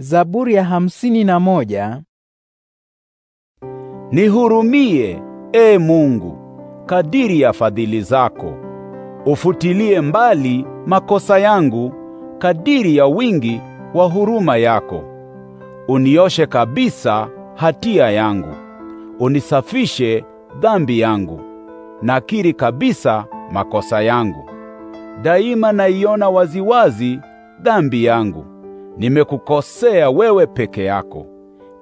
Zaburi ya hamsini na moja. Nihurumie, e Mungu, kadiri ya fadhili zako. Ufutilie mbali makosa yangu kadiri ya wingi wa huruma yako. Unioshe kabisa hatia yangu. Unisafishe dhambi yangu. Nakiri kabisa makosa yangu. Daima naiona waziwazi dhambi yangu nimekukosea wewe peke yako,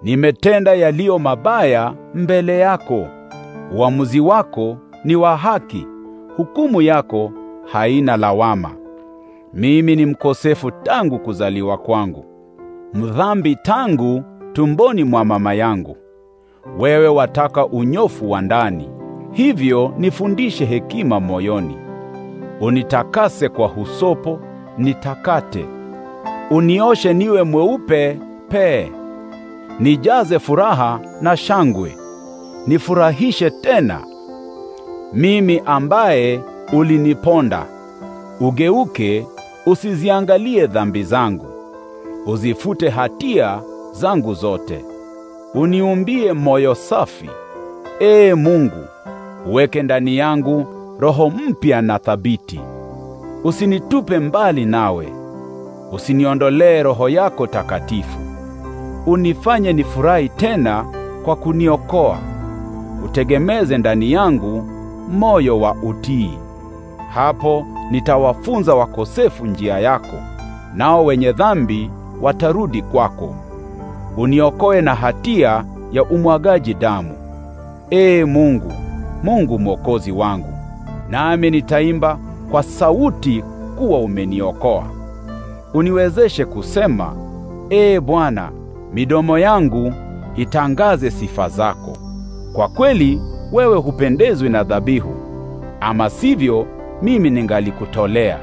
nimetenda yaliyo mabaya mbele yako. Uamuzi wako ni wa haki, hukumu yako haina lawama. Mimi ni mkosefu tangu kuzaliwa kwangu, mdhambi tangu tumboni mwa mama yangu. Wewe wataka unyofu wa ndani, hivyo nifundishe hekima moyoni. Unitakase kwa husopo nitakate unioshe niwe mweupe pee, nijaze furaha na shangwe, nifurahishe tena mimi ambaye uliniponda. Ugeuke, usiziangalie dhambi zangu, uzifute hatia zangu zote. Uniumbie moyo safi, ee Mungu, uweke ndani yangu roho mpya na thabiti. Usinitupe mbali nawe usiniondolee Roho yako takatifu. Unifanye nifurahi tena kwa kuniokoa, utegemeze ndani yangu moyo wa utii. Hapo nitawafunza wakosefu njia yako, nao wenye dhambi watarudi kwako. Uniokoe na hatia ya umwagaji damu, Ee Mungu, Mungu mwokozi wangu, nami nitaimba kwa sauti kuwa umeniokoa uniwezeshe kusema, Ee Bwana, midomo yangu itangaze sifa zako. Kwa kweli wewe hupendezwi na dhabihu, ama sivyo mimi ningalikutolea.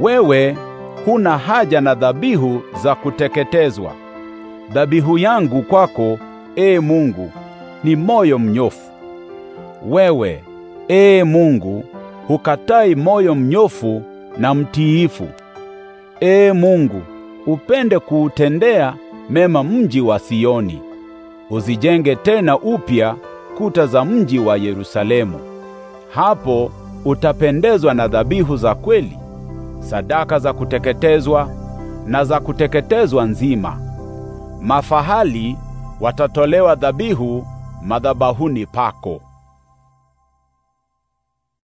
Wewe huna haja na dhabihu za kuteketezwa. Dhabihu yangu kwako, Ee Mungu, ni moyo mnyofu. Wewe, Ee Mungu, hukatai moyo mnyofu na mtiifu. Ee Mungu, upende kuutendea mema mji wa Sioni. Uzijenge tena upya kuta za mji wa Yerusalemu. Hapo utapendezwa na dhabihu za kweli, sadaka za kuteketezwa na za kuteketezwa nzima. Mafahali watatolewa dhabihu madhabahuni pako.